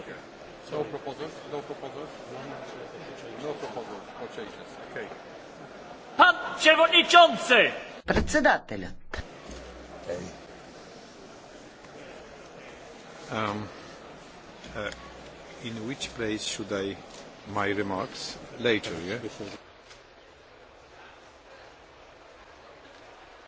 Okay. So proposals? No proposals? No proposals for changes. Okay. Pan przewodniczący! Председателят. Okay. Um, uh, in which place should I my remarks later? Yeah.